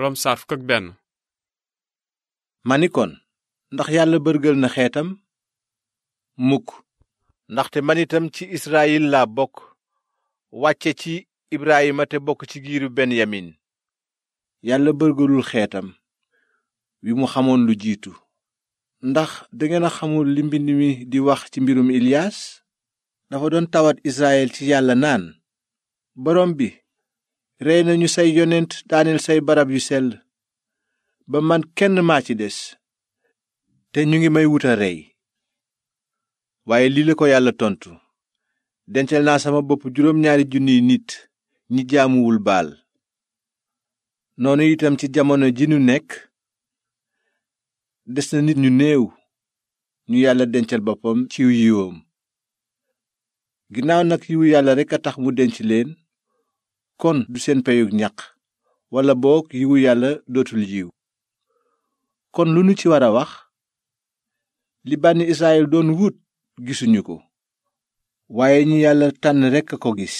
rom saar benn mani ndax yàlla bërgël na xeetam mukk ndaxte man itam ci israyil laa bokk wàcce ci ibrahima te bokk ci giiru benyamin yàlla bërgëlul xeetam wi mu xamoon lu jiitu ndax dangeen a xamul li mbind mi di wax ci mbirum iliyas dafa doon tawat israyil ci yàlla naan borom bi rey nañu say yonent daaneel say barab yu sell ba man kenn maa ci des te ñu ngi may wuta rey waaye lii la ko yàlla tontu dencal naa sama bopp juróom ñaari junniy nit ñi jaamuwul baal noonu itam ci jamono ji nu nekk des na nit ñu néew ñu yàlla dencal boppam ci yiwoom ginnaaw nag yiwu yàlla rekk a tax mu denc leen kon du seen peyug ñaq walla boog yiwu yàlla dootul yiw kon lu nu ci war a wax li bànni Israyil doon wut gisuñu ko waaye ñi yàlla tànn rekk a ko gis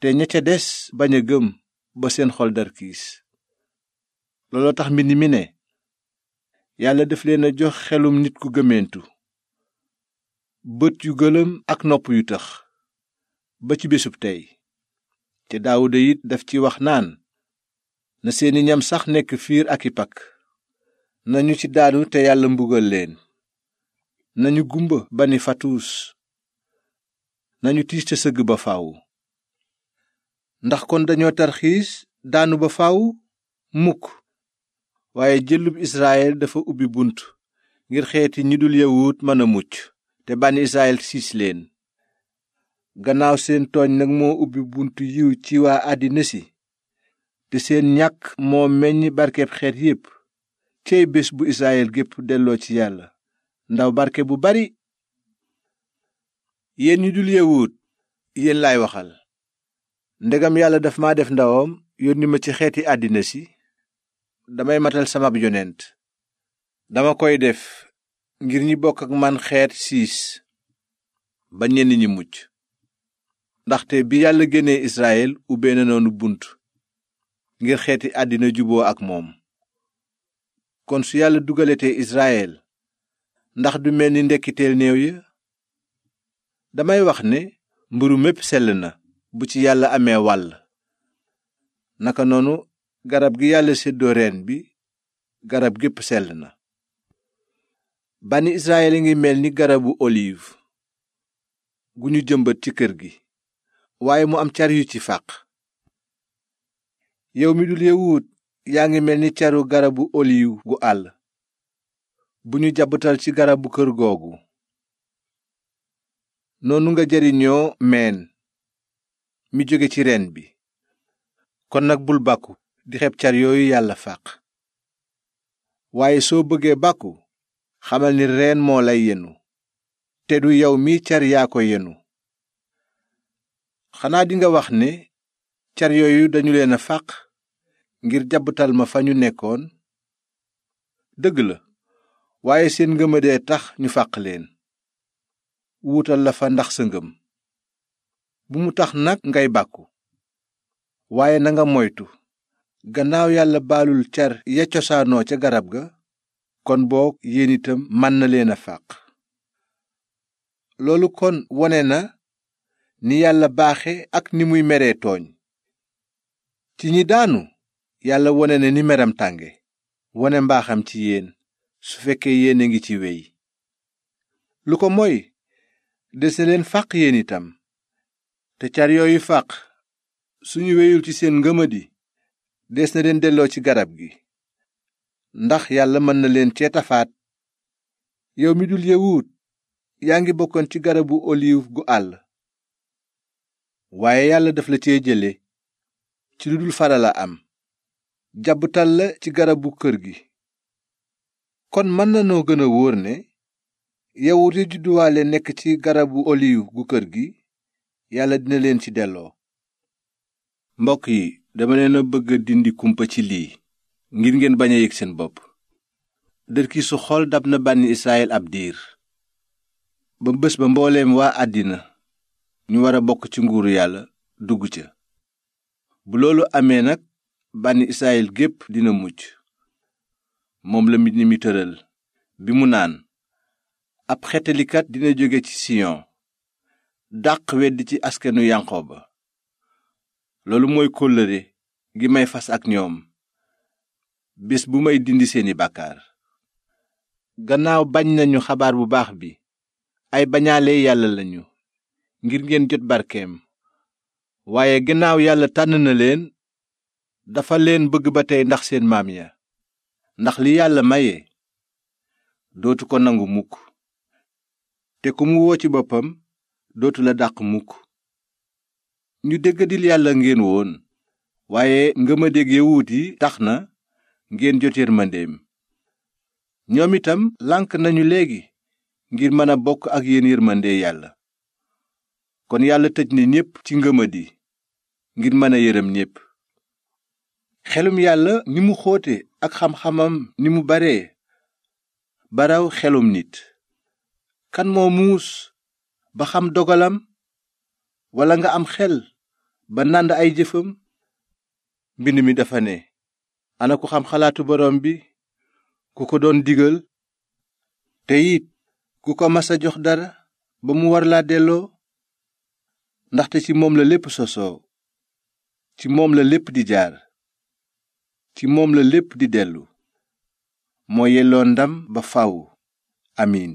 te ña ca des bañ a gëm ba seen xol darkiis looloo tax mbind mi ne yàlla daf leen a jox xelum nit ku gëmmentu bët yu gëlëm ak nopp yu tëx ba ci bésub tey te daawuda it daf ci wax naan na seeni ñam sax nekk fiir ak i pakk nañu ci daanu te yàlla mbugal leen nañu gumba ba ni nañu tiis ca sëgg ba faaw ndax kon dañoo tarxiis daanu ba faw mukk waaye jëllub israyel dafa ubbi bunt ngir xeeti ñi dul yawut mën a mucc te bànni israyel siis leen gannaaw seen tooñ nag moo ubbi buntu yiw ci waa àddina si te seen ñàkk moo meññ barkeb xeet yépp cey bés bu israyil gépp delloo ci yàlla ndaw barke bu bari yéen ñi dul yawut yéen lay waxal ndegam yàlla daf ma def ndawam yónni ma ci xeeti àddina si damay matal samab yonent dama koy def ngir ñi bokk ak man xeet siis ba ñenn ñi mucc ndaxte bi yàlla génnee Israël ubbee na noonu bunt ngir xeeti àddina juboo ak moom kon su yàlla te Israël ndax du mel ni ndekkiteel néew ya damay wax ne mburu mépp sell na bu ci yàlla amee wàll naka noonu garab gi yàlla séddoo reen bi garab gépp sell na bànni Israël a ngi mel ni garabu olive gu ñu jëmbat ci kër gi waaye mu am car yu ci fàq yow mi dul yawut yaa ngi mel ni caru garabu oliw gu àll bu ñu jabatal ci garabu kër googu noonu nga jariñoo meen mi jóge ci reen bi kon nag bul bàkku di xeb car yooyu yàlla fàq waaye soo bëggee bàkku xamal ni reen moo lay yenu te du yow mi car yaa ko yenu xanaa dinga wax ne car yooyu dañu leen a fàq ngir jabbatal ma fa ñu nekkoon dëgg la waaye seen ngëmadee tax ñu fàq leen wuutal la fa ndax sa ngëm bu mu tax nag ngay bàkku waaye nanga moytu gannaaw yàlla baalul car ya cosaanoo ca garab ga kon boog yéen itam mën na leen a fàq loolu kon wone na ni yàlla baaxe ak ni muy meree tooñ ci ñi daanu yàlla wone na ni meram tànge wone mbaaxam ci yéen su fekkee yéen a ngi ci wey lu ko moy dese leen fàq yéen itam te car yooyu fàq suñu weyul ci seen ngëmadi des na leen delloo ci garab gi ndax yàlla mën na leen cee tafaat yow mi dul yewuut yaa ngi bokkoon ci garabu oliw gu àll waaye yàlla daf la cee jële ci lu dul farala am jàbbutal la ci garabu kër gi kon mën na noo gën a wóor ne yawut yi judduwaale nekk ci garabu oliw gu kër gi yàlla dina leen ci delloo mbokk yi dama leen a bëgg dindi kumpa ci lii ngir ngeen bañ a yëg seen bopp dërkiisu xol dab na bànni israyil ab diir ba bés ba mbooleem waa àddina ñu war a bokk ci nguuru yàlla dugg ca bu loolu amee nag bànni israyil gépp dina mucc moom la mbind mi tëral bi mu naan ab xetalikat dina jóge ci siyon dàq wedd ci askanu ba loolu mooy kóllëre gi may fas ak ñoom bés bu may dindi seeni bàkkaar gannaaw bañ nañu xabaar bu baax bi ay bañaale yàlla lañu ngir ngeen jot barkeem waaye gannaaw yàlla tànn na leen dafa leen bëgg ba tey ndax seen maam ya ndax li yàlla maye dootu ko nangu mukk te ku mu woo ci boppam dootu la dàq mukk ñu déggadil yàlla ngeen woon waaye nga ma ngëmadég yawut yi tax na ngeen jot yërmandeem ñoom itam lànk nañu léegi ngir mën a bokk ak yéen yërmande yàlla kon yàlla tëj na ñépp ci ngëma ngëmadi ngir mën a yërëm ñépp xelum yàlla ni mu xóote ak xam-xamam ni mu bare baraw xelum nit kan moo muus ba xam dogalam walla nga am xel ba nànd ay jëfam mbind mi dafa ne ana ku xam xalaatu borom bi ku ko doon digal te ku ko mas a jox dara ba mu war laa delloo ndaxte ci moom la lépp sosoo ci moom la lépp di jaar ci moom la lépp di dellu moo yelloo ndam ba faw amiin